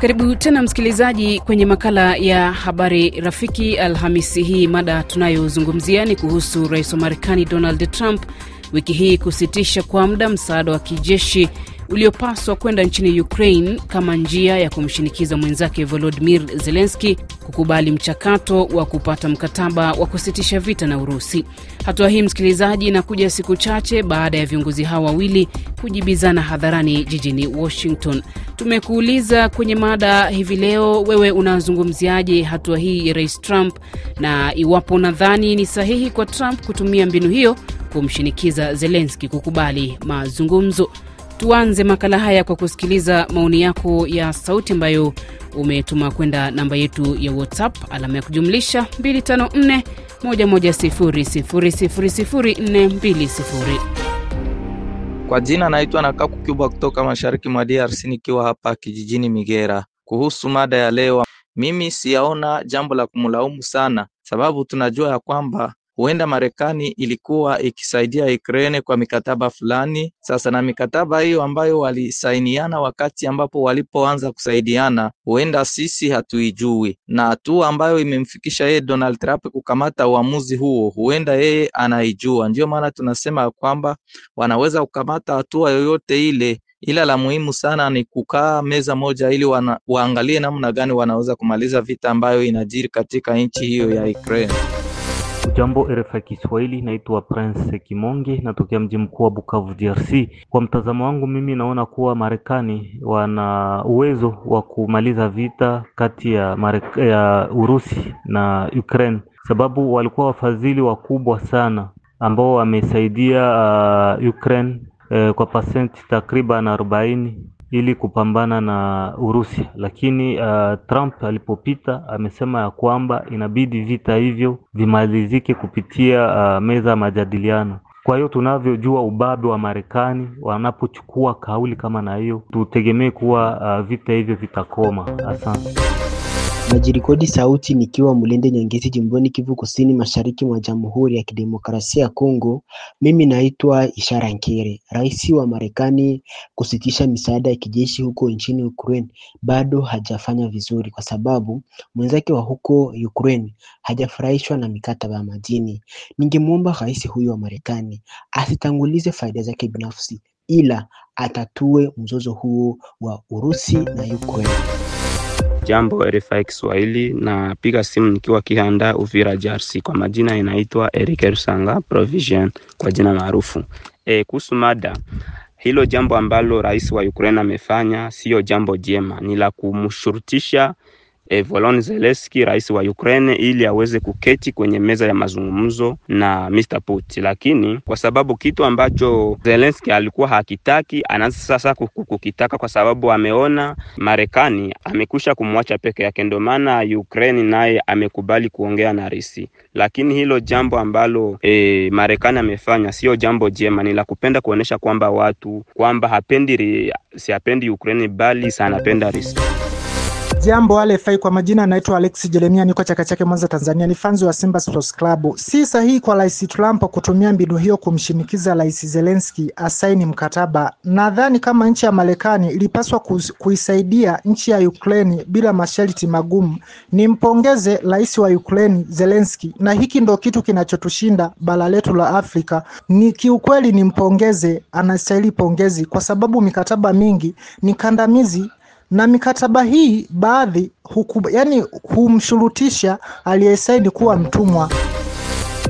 Karibu tena msikilizaji kwenye makala ya habari rafiki Alhamisi hii. Mada tunayozungumzia ni kuhusu rais wa Marekani Donald Trump wiki hii kusitisha kwa muda msaada wa kijeshi uliopaswa kwenda nchini Ukraine kama njia ya kumshinikiza mwenzake volodimir zelenski kukubali mchakato wa kupata mkataba wa kusitisha vita na Urusi. Hatua hii, msikilizaji, inakuja siku chache baada ya viongozi hawa wawili kujibizana hadharani jijini Washington. Tumekuuliza kwenye mada hivi leo, wewe unazungumziaje hatua hii ya Rais Trump na iwapo unadhani ni sahihi kwa Trump kutumia mbinu hiyo kumshinikiza zelenski kukubali mazungumzo. Tuanze makala haya kwa kusikiliza maoni yako ya sauti ambayo umetuma kwenda namba yetu ya WhatsApp alama ya kujumlisha 254 Kwa jina naitwa Kaku Kubwa kutoka mashariki mwa DRC nikiwa hapa kijijini Migera. Kuhusu mada ya leo, mimi siyaona jambo la kumlaumu sana, sababu tunajua ya kwamba huenda Marekani ilikuwa ikisaidia Ukraine kwa mikataba fulani. Sasa na mikataba hiyo ambayo walisainiana wakati ambapo walipoanza kusaidiana, huenda sisi hatuijui, na hatua ambayo imemfikisha yeye Donald Trump kukamata uamuzi huo, huenda yeye anaijua. Ndiyo maana tunasema kwamba wanaweza kukamata hatua yoyote ile ila la muhimu sana ni kukaa meza moja ili wana, waangalie namna gani wanaweza kumaliza vita ambayo inajiri katika nchi hiyo ya Ukraine. Jambo RFI ya Kiswahili, naitwa Prince Kimonge, natokea mji mkuu wa Bukavu, DRC. Kwa mtazamo wangu mimi naona kuwa Marekani wana uwezo wa kumaliza vita kati ya, ya Urusi na Ukraine, sababu walikuwa wafadhili wakubwa sana ambao wamesaidia uh, Ukraine uh, kwa pasenti takriban arobaini ili kupambana na Urusi, lakini uh, Trump alipopita amesema ya kwamba inabidi vita hivyo vimalizike kupitia uh, meza ya majadiliano. Kwa hiyo tunavyojua ubabe wa Marekani wanapochukua kauli kama na hiyo, tutegemee kuwa uh, vita hivyo vitakoma. Asante majirikodi sauti nikiwa mlende Nyangezi Jimboni Kivu Kusini Mashariki mwa Jamhuri ya Kidemokrasia ya Kongo. Mimi naitwa Ishara Nkere. Rais wa Marekani kusitisha misaada ya kijeshi huko nchini Ukraine bado hajafanya vizuri kwa sababu mwenzake wa huko Ukraine hajafurahishwa na mikataba ya madini. Ningemwomba rais huyu wa Marekani asitangulize faida zake binafsi ila atatue mzozo huo wa Urusi na Ukraine. Jambo RFI Kiswahili, na piga simu nikiwa Kihanda, Uvira, DRC. Kwa majina inaitwa Eric Rusanga Provision kwa jina maarufu. E, kuhusu mada hilo, jambo ambalo rais wa Ukraine amefanya siyo jambo jema, ni la kumshurutisha eh, Volodymyr Zelensky, rais wa Ukraine, ili aweze kuketi kwenye meza ya mazungumzo na Mr. Putin, lakini kwa sababu kitu ambacho Zelensky alikuwa hakitaki anaanza sasa kukitaka, kwa sababu ameona Marekani amekwisha kumwacha peke yake, ndio maana Ukraine naye amekubali kuongea na Risi. Lakini hilo jambo ambalo eh, Marekani amefanya sio jambo jema, ni la kupenda kuonesha kwamba watu kwamba hapendi si hapendi Ukraine bali sanapenda Rusi. Jambo alefai kwa majina anaitwa Alex Jeremia, niko chaka chake Mwanza, Tanzania. Ni fanzi wa Simba Sports Club. Si sahihi kwa Rais Trump kutumia mbinu hiyo kumshinikiza Rais Zelensky asaini mkataba. Nadhani kama nchi ya Marekani ilipaswa kuisaidia nchi ya Ukraine bila masharti magumu. Nimpongeze Rais wa Ukraine Zelensky, na hiki ndo kitu kinachotushinda bara letu la Afrika. Ni kiukweli, nimpongeze, anastahili pongezi kwa sababu mikataba mingi ni kandamizi na mikataba hii baadhi huku, yani humshurutisha aliyesaini kuwa mtumwa.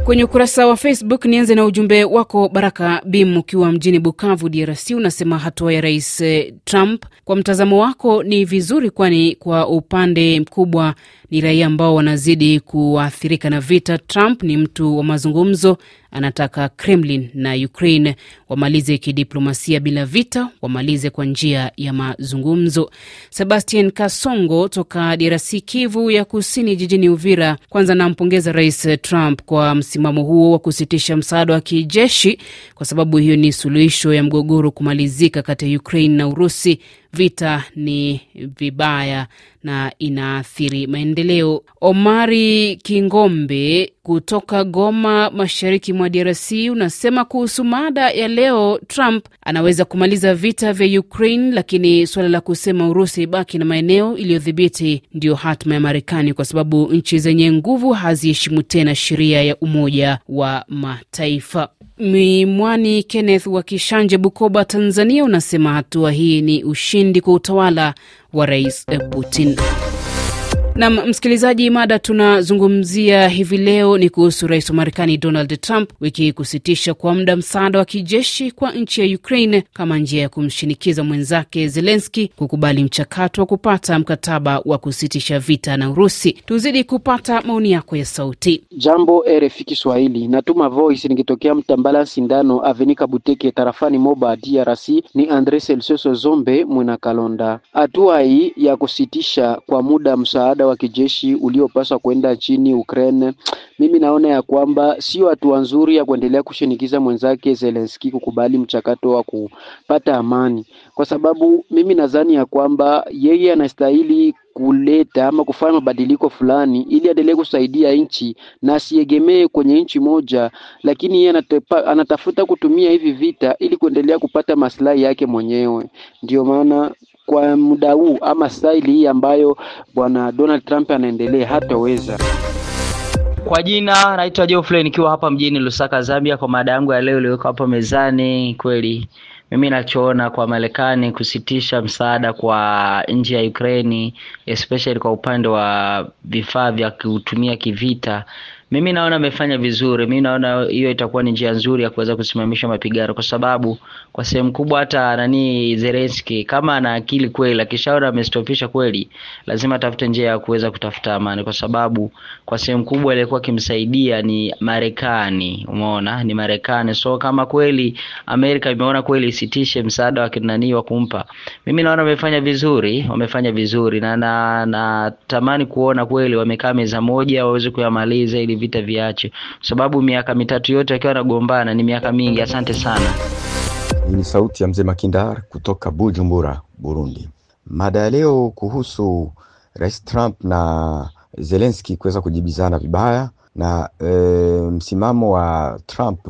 Kwenye ukurasa wa Facebook, nianze na ujumbe wako Baraka Bim ukiwa mjini Bukavu, DRC. Unasema hatua ya Rais eh, Trump kwa mtazamo wako ni vizuri, kwani kwa upande mkubwa ni raia ambao wanazidi kuathirika na vita. Trump ni mtu wa mazungumzo anataka Kremlin na Ukraine wamalize kidiplomasia bila vita, wamalize kwa njia ya mazungumzo. Sebastian Kasongo toka DRC, Kivu ya Kusini, jijini Uvira. Kwanza nampongeza Rais Trump kwa msimamo huo wa kusitisha msaada wa kijeshi, kwa sababu hiyo ni suluhisho ya mgogoro kumalizika kati ya Ukraine na Urusi vita ni vibaya na inaathiri maendeleo. Omari Kingombe kutoka Goma, mashariki mwa DRC, unasema kuhusu mada ya leo, Trump anaweza kumaliza vita vya Ukraine, lakini suala la kusema Urusi ibaki na maeneo iliyodhibiti ndiyo hatima ya Marekani, kwa sababu nchi zenye nguvu haziheshimu tena sheria ya Umoja wa Mataifa. Mimwani Kenneth wa Kishanje, Bukoba, Tanzania, unasema hatua hii ni ushindi kwa utawala wa Rais Putin. Nam msikilizaji, mada tunazungumzia hivi leo ni kuhusu rais wa Marekani Donald Trump wiki hii kusitisha kwa muda msaada wa kijeshi kwa nchi ya Ukraine kama njia ya kumshinikiza mwenzake Zelenski kukubali mchakato wa kupata mkataba wa kusitisha vita na Urusi. Tuzidi kupata maoni yako ya sauti. Jambo RFI Kiswahili, natuma voice nikitokea Mtambala Sindano Avenika Buteke tarafani Moba DRC. Ni Andre Selsoso Zombe Mwena Kalonda. Hatua hii ya kusitisha kwa muda msaada wa kijeshi uliopaswa kwenda chini Ukraine, mimi naona ya kwamba sio hatua nzuri ya kuendelea kushinikiza mwenzake Zelensky kukubali mchakato wa kupata amani, kwa sababu mimi nadhani ya kwamba yeye anastahili kuleta ama kufanya mabadiliko fulani ili aendelee kusaidia nchi na asiegemee kwenye nchi moja, lakini yeye anatafuta kutumia hivi vita ili kuendelea kupata maslahi yake mwenyewe. Ndio maana kwa muda huu ama staili hii ambayo bwana Donald Trump anaendelea hataweza. Kwa jina naitwa Geoffrey nikiwa hapa mjini Lusaka, Zambia, kwa mada yangu ya leo iliyoko hapa mezani. Kweli mimi nachoona kwa Marekani kusitisha msaada kwa nchi ya Ukraine especially kwa upande wa vifaa vya kutumia kivita mimi naona amefanya vizuri. Mimi naona hiyo itakuwa ni njia nzuri ya kuweza kusimamisha mapigano, kwa sababu kwa sehemu kubwa hata nani Zelensky kama ana akili kweli, akishaona amestofisha kweli, lazima atafute njia ya kuweza kutafuta amani, kwa sababu kwa sehemu kubwa ilikuwa kimsaidia ni Marekani. Umeona, ni Marekani. So kama kweli Amerika imeona kweli isitishe msaada wa kinani wa kumpa, mimi naona wamefanya vizuri, wamefanya vizuri na natamani na, kuona kweli wamekaa meza moja waweze kuyamaliza ili vita viache, sababu miaka mitatu yote akiwa anagombana ni miaka mingi. Asante sana. Hii ni sauti ya mzee Makindar kutoka Bujumbura, Burundi. Mada ya leo kuhusu Rais Trump na zelenski kuweza kujibizana vibaya na e, msimamo wa Trump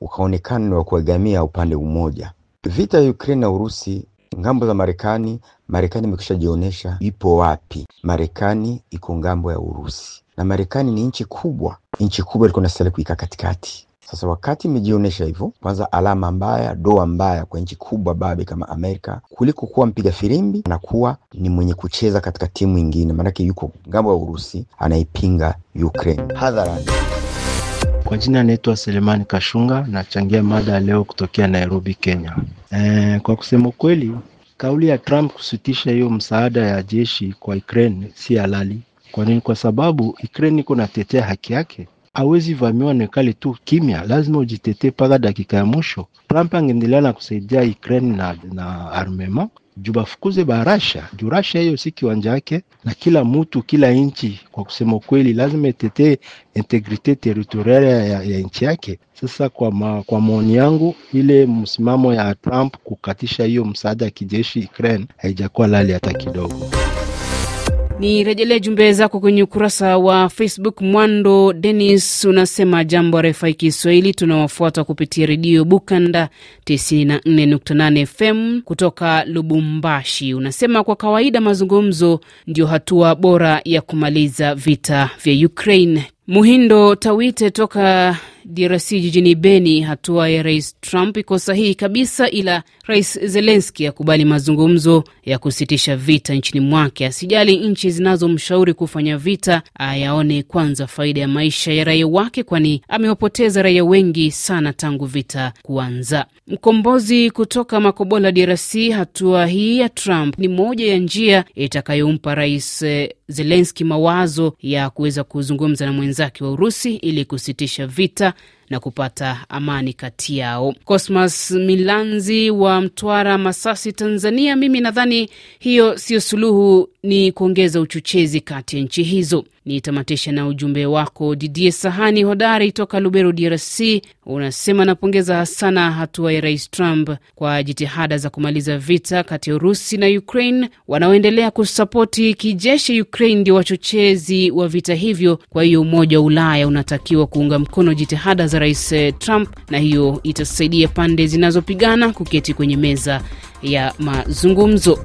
ukaonekana ni wa kuegamia upande mmoja. Vita ya Ukraine na Urusi ngambo za Marekani, Marekani imekwisha jionyesha ipo wapi. Marekani iko ngambo ya Urusi na Marekani ni nchi kubwa, nchi kubwa ilikuwa inastahili kuika katikati. Sasa wakati imejionyesha hivyo, kwanza alama mbaya, doa mbaya kwa nchi kubwa babe kama Amerika, kuliko kuwa mpiga firimbi anakuwa ni mwenye kucheza katika timu ingine, maanake yuko ngambo ya Urusi anaipinga Ukraine hadharani. Kwa jina anaitwa Selemani Kashunga, nachangia mada ya leo kutokea Nairobi, Kenya. E, kwa kusema ukweli, kauli ya Trump kusitisha hiyo msaada ya jeshi kwa Ukraine si halali kwa nini? Kwa sababu Ukraine iko natetea haki yake, hawezi vamiwa na kale tu kimya, lazima ujitetee mpaka dakika ya mwisho. Trump angeendelea na kusaidia Ukraine na, na armema juu bafukuze barasha juu rasha hiyo si kiwanja yake, na kila mtu kila nchi kwa kusema ukweli lazima itetee integrite territorial ya, ya nchi yake. Sasa kwa, ma, kwa maoni yangu ile msimamo ya Trump kukatisha hiyo msaada ya kijeshi Ukraine haijakuwa lali hata kidogo. Ni rejelee jumbe zako kwenye ukurasa wa Facebook. Mwando Denis unasema jambo RFI Kiswahili, tunawafuata kupitia redio Bukanda 94.8 FM kutoka Lubumbashi. Unasema kwa kawaida mazungumzo ndio hatua bora ya kumaliza vita vya Ukraine. Muhindo Tawite toka DRC jijini Beni. Hatua ya Rais Trump iko sahihi kabisa, ila Rais Zelenski akubali mazungumzo ya kusitisha vita nchini mwake, asijali nchi zinazomshauri kufanya vita, ayaone kwanza faida ya maisha ya raia wake, kwani amewapoteza raia wengi sana tangu vita kuanza. Mkombozi kutoka Makobola, DRC. Hatua hii ya Trump ni moja ya njia itakayompa rais Zelenski mawazo ya kuweza kuzungumza na mwenzake wa Urusi ili kusitisha vita na kupata amani kati yao. Cosmas Milanzi wa Mtwara, Masasi, Tanzania: mimi nadhani hiyo sio suluhu, ni kuongeza uchochezi kati ya nchi hizo. Nitamatisha na ujumbe wako Didie Sahani Hodari toka Lubero, DRC. Unasema napongeza sana hatua ya Rais Trump kwa jitihada za kumaliza vita kati ya Urusi na Ukraine. Wanaoendelea kusapoti kijeshi Ukraine ndio wachochezi wa vita hivyo, kwa hiyo Umoja wa Ulaya unatakiwa kuunga mkono jitihada za Rais eh, Trump, na hiyo itasaidia pande zinazopigana kuketi kwenye meza ya mazungumzo.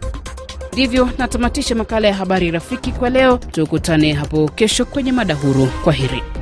Ndivyo natamatisha makala ya habari rafiki kwa leo. Tukutane hapo kesho kwenye mada huru. Kwa heri.